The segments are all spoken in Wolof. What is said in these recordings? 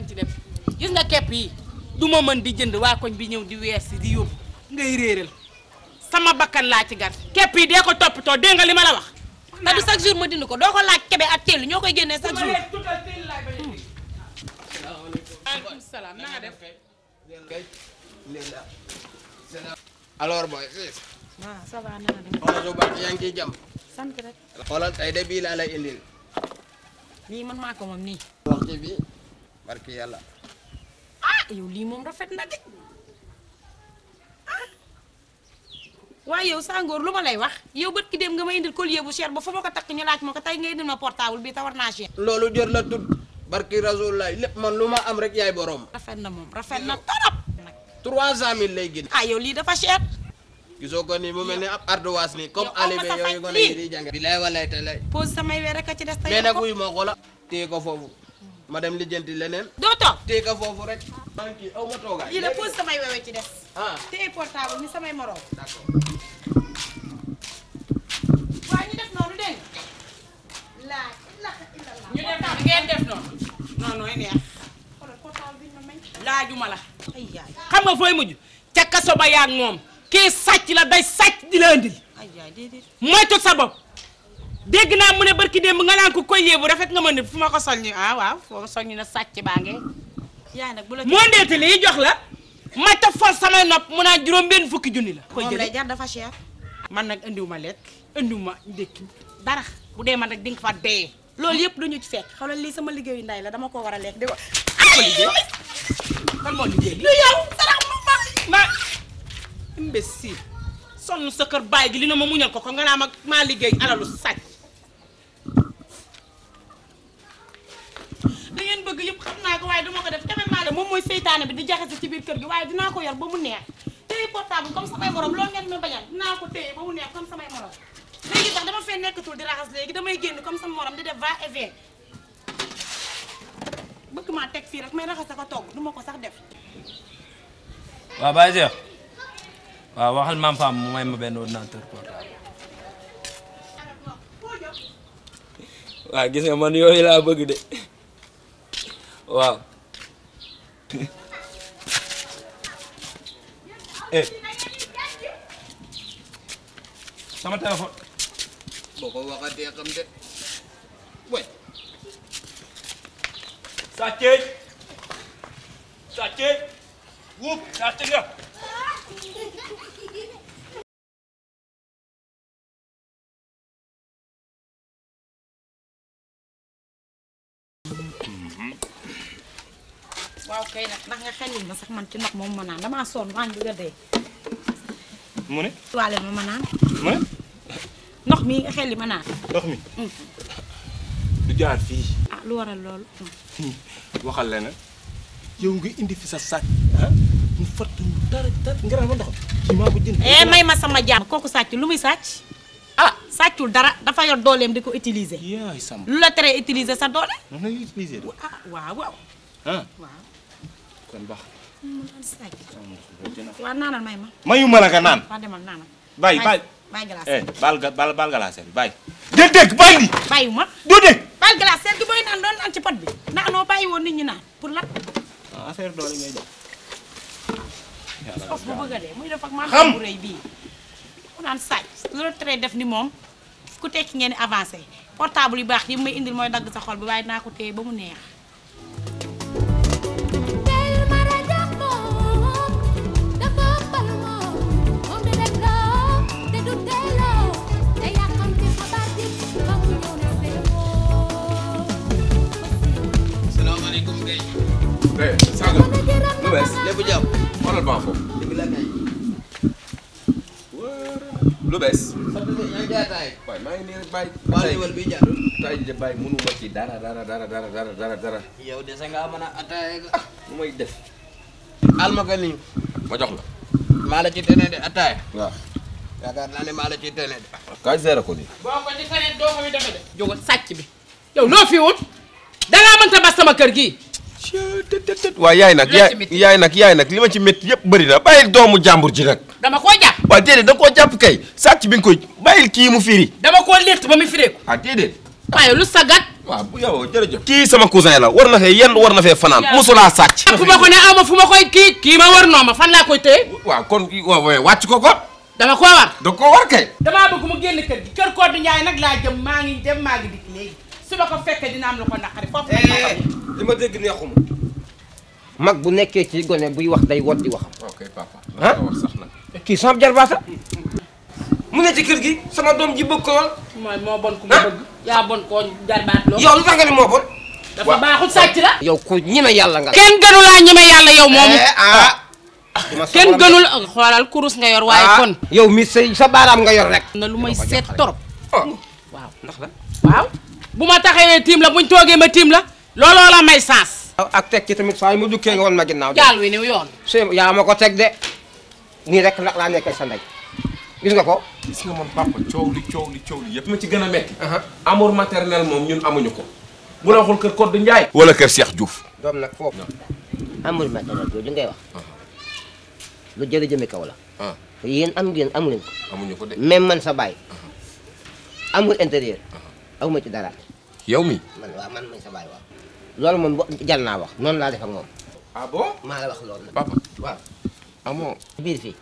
nañ ci dem gis nga kepp yi du ma man di jënd waa koñ bi ñëw di weer si di yóbbu ngay réeral sama bakkan laa ci gar kepp yi dee ko toppatoo dégg nga li ma la wax. te du chaque jour ma dindi ko doo ko laaj kebe ak teelu ñoo koy génnee chaque jour. de bii laa lay indil. nii man maa ko moom nii. barki yàlla. ah lii moom rafet na de ah waaye yow Sangor lu ma lay wax yow bët ki dem nga ma indil collier bu cher ba fa ma ko takk ñu laaj ma tey nga indil ma portable bi te war naa cher. loolu jër la tudd barki Rasulullah lu ma am rek yaay borom. rafet na moom rafet na torop. trois cent mille lay gin ah yow lii dafa cher. gisoo ko nii mu mel ni ab ardoise nii comme alibe yooyu nga ne di jàng. bilaay walaay te lay. pose samay weer rek a ci des. tey mais nag ko ma dem lijjanti leneen. doo toog téye ko foofu rek. man aw ma toogaay. ci des. ah téye samay morom. d'accord. ma may. laajuma la. ay yaay xam nga fooy mujj. ca kaso ba yaa moom. kii sàcc la day sàcc di la andil. ay yaay sa bopp. dégg naa mu ne barki démb nga naan ko collier bu rafet nga ma ne fu ma ko sol ñu ah waaw foo sol ñu ne sàcc baa ngi. yaa nag bu la moo ndeeti li jox la ma ta fal samay nopp mu naan juróom benn fukki junni la. koy jëlee moom lay jar dafa cher. man nag indiwuma lekk indiwuma ndékki dara bu dee man nag di nga fa dee. loolu yëpp duñu ci fekk xoolal lii sama liggéeyu nday la dama ko war a lekk di ko. kan moo liggéey lu yow dara mu ma ma imbécile sonn sa kër bàyyi gi li na ma muñal ko ko nga naa ma maa liggéey alalu sàcc bëgg yëpp xam naa ko waaye duma ko def tamit maale moom mooy seytaane bi di jaxase ci biir kër gi waaye dinaa ko yor ba mu neex téye portable comme samay morom loolu ngeen ma bañal dinaa ko téye ba mu neex comme samay morom léegi tax dama fee nekkatul di raxas léegi damay génn comme sama morom di def va et vient bëgg teg fii rek may raxas ko togg duma ko sax def waaw Baye Cheikh waaw waxal maam Fam mu may ma benn ordinateur portable waaw ah, gis nga waaw. Eh. sama téléphone. boo ko waxatee xam de wey. sàcceej sàcceej wuub sàcceej nga. waaw kay nag ndax nga xelil ma sax man ci ndox moom ma naan damaa sonn a dee. mu ma ma ndox mi nga li ma naan. ndox mi. Mm. du jaar fii. ah lu waral loolu. waxal leneen yow nga indi fi sa sàcc ah mu fàttali mu dara nga naan ma ndox ci maa ko jënd. Eh, may ma sama jàmm kooku sàcc lu muy sàcc. ah sàccul dara dafa yor dooleem di ko utiliser. yaay sàmm lu la teree utiliser sa doole. nan la ñuy utiliser de. ah waaw waaw. kon baax waaw naanal may ma. mayuma la nga naan. waaw demal naanal. bàyyi bàyyi bàyyi glacière bi. Eh, baal ga baal baal glacière bi bàyyi. dégg dégg bàyyi lii. bàyyiwuma. doo dégg. baal glacière bi booy naan doon naan ci pot bi. naanoo bàyyi woon nit ñi naan pour lan. ah affaire doole def. a def ak maanaam bu rëy bii. mu naan saaj su retraite def ni moom ku tekki ngeen avancé portable yu baax yi may indil mooy dagg sa xol bi waaye naa ko téye ba mu neex. tey saa nga. lu bees lépp jàpp. xoolal maa lu bees. waaye maa ngi nii rek bàyyi. waaye wala bii de bàyyi mënu ma ci dara dara dara dara dara dara. yow dese ngaa a attaaya. ah lu def. al ma ko nii. jox la. maa la ci tene de attaaya. naa ne maa la ci tene de. kaay seera ko nii. boo ko ci tene doo ko fi defee de. jógal sàcc bi yow loo fi wut da ngaa mënta bas sama kër gii. waa yaay nag yaay nag yaay nag li ma ci métti yëpp bëri na bàyyil doomu jàmbur ji nag. dama koo jàpp. waaw déedéet da nga koo jàpp kay sàcc bi nga koy bàyyil kii mu firi. dama koo létt ba mu fireeku. ah déedéet. waaye lu sagat. waaw bu yow jërëjëf. kii sama cousin la war na fee yenn war na fee fanaan musulaa sàcc. fu ma ko ne aw ma fu ma koy kii kii ma war noo ma fan laa koy téye. waaw kon waaw wàcc ko ko. dama koo war. da koo war kay. damaa bëgg mu génn kër gi kër Codé Ndiaye nag laa jëm maa ngi dem maa ngi dikk léegi su ma ko fekkee dina am li ma dégg mag bu nekkee ci gone buy wax day wot di wax. ok papa. ah kii sama jarbaata. mu ne ci kër gi sama doom ji bëgg ko moo bon ku ma ah? bëgg. yaa bon koo jarbaat loo. yow nga ni moo bon. dafa baaxul sàcc la. yow ku ñeme yàlla nga. kenn gënu laa ñeme yàlla yow moomu. Eh, ah. Ah. kenn gënul xoolal kurus nga yor waaye kon. yow mi sa sa baaraam nga yor rek. na lu may seet torop. Oh. waaw bu ma taxee tiim la buñ toogee ma tiim la. lolo la may sans ak tek ci tamit saa mu jukkee nga ma ginnaw jaal wi new yoon. sëñ ya mako tek de ni rek la la nek sa ndey gis nga ko. gis nga mon papa coow li coow li coow li yëpp. ma ci gëna metti. amour maternel mom ñun amuñu ko. bu la waxul kër Codé Ndiaye. wala keur Cheikh Diouf. dom nak foofu. amour maternel do li ngay wax. lu jële jëme kaw la. Ah. am ngeen amu ko. amuñu ko de. même man sa bay amour intérieur. ci dara. yow mi man waaw man mooy sa baay waaw loolu moom jal naa wax noonu laa def ak moom ah bon maa la loolu nag papa waaw amoo biir fii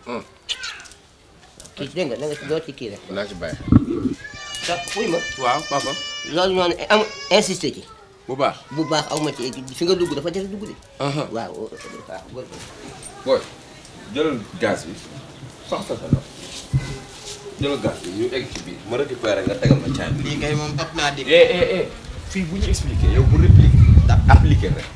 kii dégg nga na nga si doo ci kii rek naa ci bàyyi sa fuy ma waaw papa loolu noonu am insisté ci bu baax bu baax aw ma ci fi nga dugg dafa jafe dugg de uh-huh. waaw waaw booy jëlal gaz bi jël gaz bi ñu egg ci biir ma récupéré nga tegal ma caay lii kay moom topp naa di. Eh, eh, eh, fii bu ñu expliqué yow bu réplique da appliqué rek.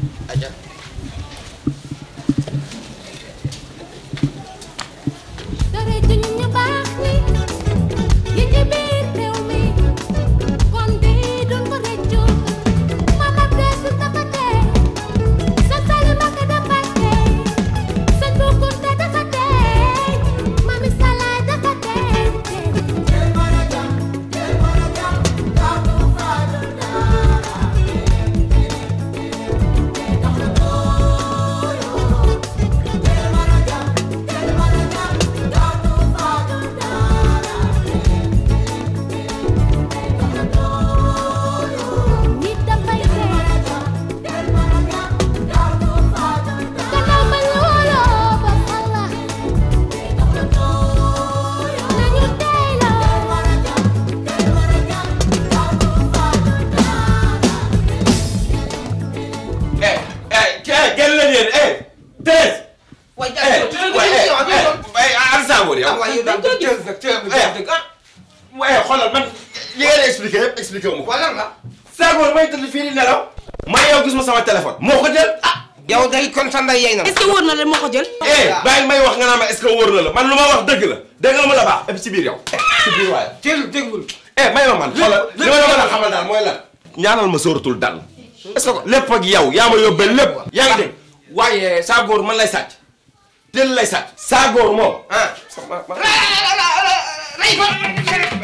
Eh, eh, ah, waaye eh, xoolal man li nga expliqué yëpp expliqué wu ma ko. waaw la. Sarko may tëdd fii di nelaw. ma yow gis ma sama téléphone. moo ko jël ah. yow day kontaan day yey na. est-ce que wóor na la moo ko jël. bàyyi may wax nga naan ma est-ce na la man lu ma wax dëgg la dégg nga ma la baax et puis ci biir yow. ci biir waaye. teelul ma man xoolal li ma la a xamal daal mooy lan. ma sóoratul dal. est-ce que lépp yow yaa ma yóbbee lépp. yaa ngi dégg waaye Sarko man lay sàcc déllu la sàcc. saa góor moom ah.